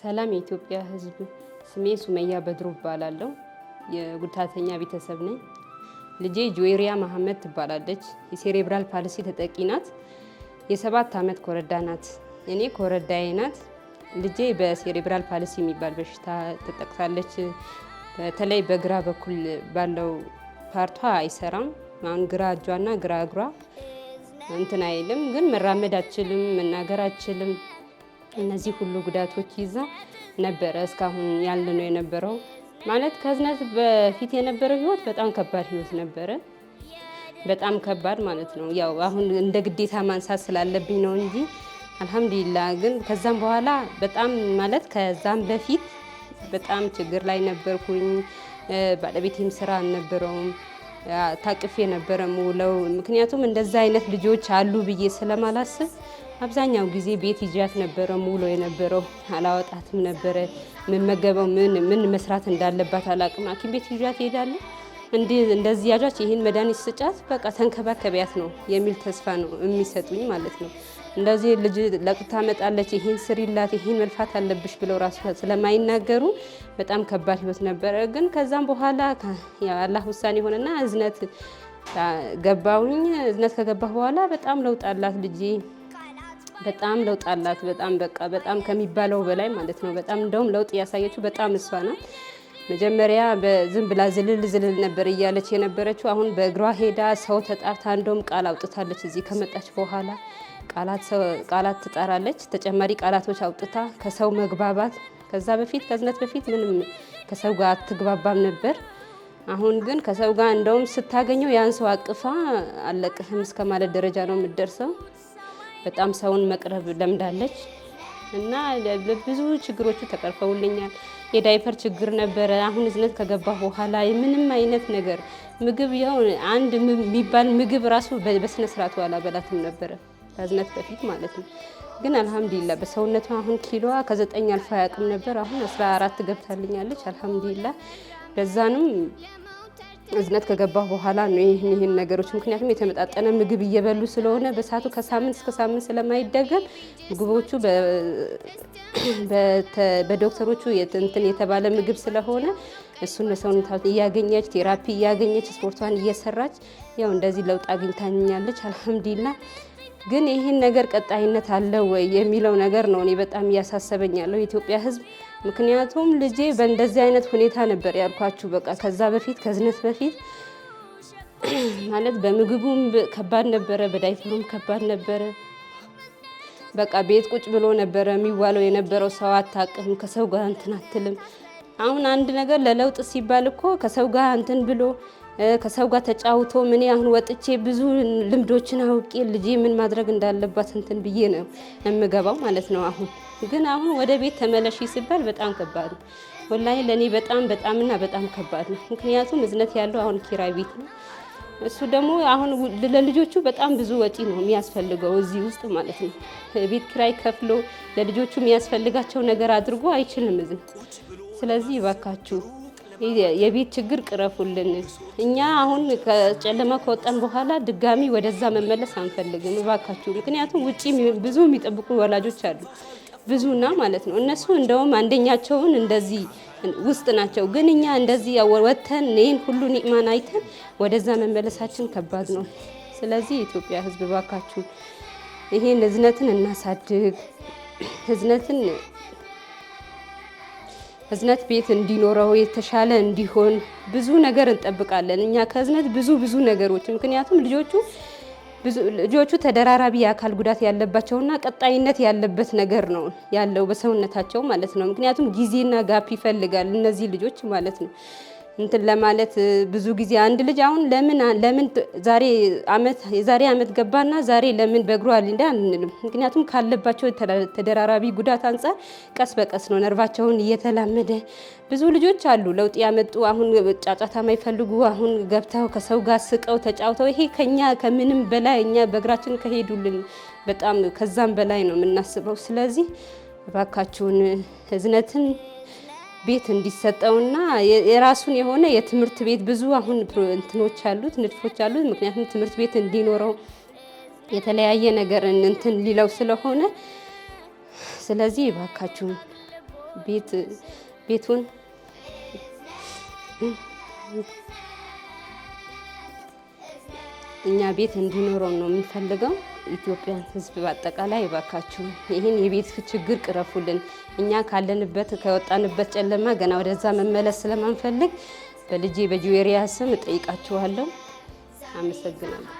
ሰላም የኢትዮጵያ ሕዝብ፣ ስሜ ሱመያ በድሮ እባላለሁ። የጉዳተኛ ቤተሰብ ነኝ። ልጄ ጆይሪያ መሐመድ ትባላለች። የሴሬብራል ፓሊሲ ተጠቂ ናት። የሰባት ዓመት ኮረዳ ናት። እኔ ኮረዳዬ ናት። ልጄ በሴሬብራል ፓሊሲ የሚባል በሽታ ተጠቅሳለች። በተለይ በግራ በኩል ባለው ፓርቷ አይሰራም። አሁን ግራ እጇና ግራ እግሯ እንትን አይልም፣ ግን መራመድ አችልም፣ መናገር አችልም እነዚህ ሁሉ ጉዳቶች ይዛ ነበረ እስካሁን ያለ ነው የነበረው። ማለት ከህዝነት በፊት የነበረው ህይወት በጣም ከባድ ህይወት ነበረ። በጣም ከባድ ማለት ነው። ያው አሁን እንደ ግዴታ ማንሳት ስላለብኝ ነው እንጂ አልሐምዱሊላ። ግን ከዛም በኋላ በጣም ማለት ከዛም በፊት በጣም ችግር ላይ ነበርኩኝ። ባለቤቴም ስራ አልነበረውም። ታቅፌ ነበረ ውለው። ምክንያቱም እንደዛ አይነት ልጆች አሉ ብዬ ስለማላስብ አብዛኛው ጊዜ ቤት ይዣት ነበረ ሙሉ የነበረው አላወጣትም ነበረ። የምመገበው ምን ምን መስራት እንዳለባት አላቅም። ሐኪም ቤት ይዣት እሄዳለሁ። እንደዚህ ያጃች ይህን መድኃኒት ስጫት በቃ ተንከባከቢያት ነው የሚል ተስፋ ነው የሚሰጡኝ ማለት ነው። እንደዚህ ልጅ ለቅታ መጣለች፣ ይህን ስሪላት፣ ይህን መልፋት አለብሽ ብለው ራሱ ስለማይናገሩ በጣም ከባድ ህይወት ነበረ። ግን ከዛም በኋላ አላህ ውሳኔ ሆነና እዝነት ገባውኝ እዝነት ከገባሁ በኋላ በጣም ለውጥ አላት ልጄ። በጣም ለውጥ አላት። በጣም በቃ በጣም ከሚባለው በላይ ማለት ነው። በጣም እንደውም ለውጥ እያሳየችው በጣም እሷ ናት። መጀመሪያ በዝም ብላ ዝልል ዝልል ነበር እያለች የነበረችው። አሁን በእግሯ ሄዳ ሰው ተጣርታ እንደውም ቃል አውጥታለች። እዚህ ከመጣች በኋላ ቃላት ትጠራለች። ተጨማሪ ቃላቶች አውጥታ ከሰው መግባባት ከዛ በፊት ከዝነት በፊት ምንም ከሰው ጋር አትግባባም ነበር። አሁን ግን ከሰው ጋር እንደውም ስታገኘው ያን ሰው አቅፋ አለቅህም እስከ ማለት ደረጃ ነው የምትደርሰው። በጣም ሰውን መቅረብ ለምዳለች እና ብዙ ችግሮቹ ተቀርፈውልኛል። የዳይፐር ችግር ነበረ። አሁን እዝነት ከገባ በኋላ ምንም አይነት ነገር ምግብ ያው አንድ የሚባል ምግብ ራሱ በስነ ስርዓቱ አላበላትም ነበረ ከእዝነት በፊት ማለት ነው። ግን አልሐምዱሊላ በሰውነቱ አሁን ኪሎዋ ከዘጠኝ አልፎ አያውቅም ነበር። አሁን አስራ አራት ገብታልኛለች። አልሐምዱሊላ በዛንም እዝነት ከገባሁ በኋላ ነው ይህን ይህን ነገሮች ምክንያቱም የተመጣጠነ ምግብ እየበሉ ስለሆነ በሰዓቱ ከሳምንት እስከ ሳምንት ስለማይደገም ምግቦቹ በዶክተሮቹ እንትን የተባለ ምግብ ስለሆነ እሱን ለሰውነታ እያገኘች ቴራፒ እያገኘች ስፖርቷን እየሰራች ያው እንደዚህ ለውጥ አግኝታኛለች። አልሐምዱሊላ። ግን ይህን ነገር ቀጣይነት አለው ወይ የሚለው ነገር ነው እኔ በጣም እያሳሰበኝ የኢትዮጵያ ሕዝብ ምክንያቱም ልጄ በእንደዚህ አይነት ሁኔታ ነበር ያልኳችሁ። በቃ ከዛ በፊት ከዝነት በፊት ማለት በምግቡም ከባድ ነበረ፣ በዳይፈሩም ከባድ ነበረ። በቃ ቤት ቁጭ ብሎ ነበረ የሚዋለው የነበረው። ሰው አታቅም፣ ከሰው ጋር እንትን አትልም። አሁን አንድ ነገር ለለውጥ ሲባል እኮ ከሰው ጋር እንትን ብሎ ከሰው ጋር ተጫውቶ ምን አሁን ወጥቼ ብዙ ልምዶችን አውቄ ልጄ ምን ማድረግ እንዳለባት እንትን ብዬ ነው የምገባው ማለት ነው። አሁን ግን አሁን ወደ ቤት ተመለሺ ሲባል በጣም ከባድ ነው። ወላሂ ለእኔ በጣም በጣምና በጣም ከባድ ነው። ምክንያቱም እዝነት ያለው አሁን ኪራይ ቤት ነው። እሱ ደግሞ አሁን ለልጆቹ በጣም ብዙ ወጪ ነው የሚያስፈልገው እዚህ ውስጥ ማለት ነው። ቤት ኪራይ ከፍሎ ለልጆቹ የሚያስፈልጋቸው ነገር አድርጎ አይችልም እዝነት። ስለዚህ ይባካችሁ የቤት ችግር ቅረፉልን። እኛ አሁን ከጨለማ ከወጣን በኋላ ድጋሚ ወደዛ መመለስ አንፈልግም እባካችሁ። ምክንያቱም ውጭ ብዙ የሚጠብቁ ወላጆች አሉ ብዙና ማለት ነው። እነሱ እንደውም አንደኛቸውን እንደዚህ ውስጥ ናቸው። ግን እኛ እንደዚህ ወጥተን ይህን ሁሉ ኒዕማን አይተን ወደዛ መመለሳችን ከባድ ነው። ስለዚህ የኢትዮጵያ ሕዝብ እባካችሁ ይሄን እዝነትን እናሳድግ። ህዝነትን ህዝነት ቤት እንዲኖረው የተሻለ እንዲሆን ብዙ ነገር እንጠብቃለን። እኛ ከህዝነት ብዙ ብዙ ነገሮች ምክንያቱም ልጆቹ ልጆቹ ተደራራቢ የአካል ጉዳት ያለባቸውና ቀጣይነት ያለበት ነገር ነው ያለው በሰውነታቸው ማለት ነው። ምክንያቱም ጊዜና ጋፕ ይፈልጋል እነዚህ ልጆች ማለት ነው። እንትን ለማለት ብዙ ጊዜ አንድ ልጅ አሁን ለምን ለምን ዛሬ አመት የዛሬ አመት ገባና ዛሬ ለምን በእግሩ አልንዳ አንልም። ምክንያቱም ካለባቸው ተደራራቢ ጉዳት አንጻር ቀስ በቀስ ነው ነርቫቸውን እየተላመደ ብዙ ልጆች አሉ ለውጥ ያመጡ አሁን ጫጫታ ማይፈልጉ አሁን ገብተው ከሰው ጋር ስቀው ተጫውተው ይሄ ከኛ ከምንም በላይ እኛ በእግራችን ከሄዱልን በጣም ከዛም በላይ ነው የምናስበው። ስለዚህ እባካችሁን ህዝነትን ቤት እንዲሰጠውና የራሱን የሆነ የትምህርት ቤት ብዙ አሁን እንትኖች አሉት ንድፎች አሉት። ምክንያቱም ትምህርት ቤት እንዲኖረው የተለያየ ነገር እንትን ሊለው ስለሆነ ስለዚህ ባካችሁን ቤት ቤቱን እኛ ቤት እንዲኖረው ነው የምንፈልገው። የኢትዮጵያን ህዝብ በአጠቃላይ እባካችሁ ይህን የቤት ችግር ቅረፉልን። እኛ ካለንበት ከወጣንበት ጨለማ ገና ወደዛ መመለስ ስለማንፈልግ በልጄ በጆሪያ ስም እጠይቃችኋለሁ። አመሰግናለሁ።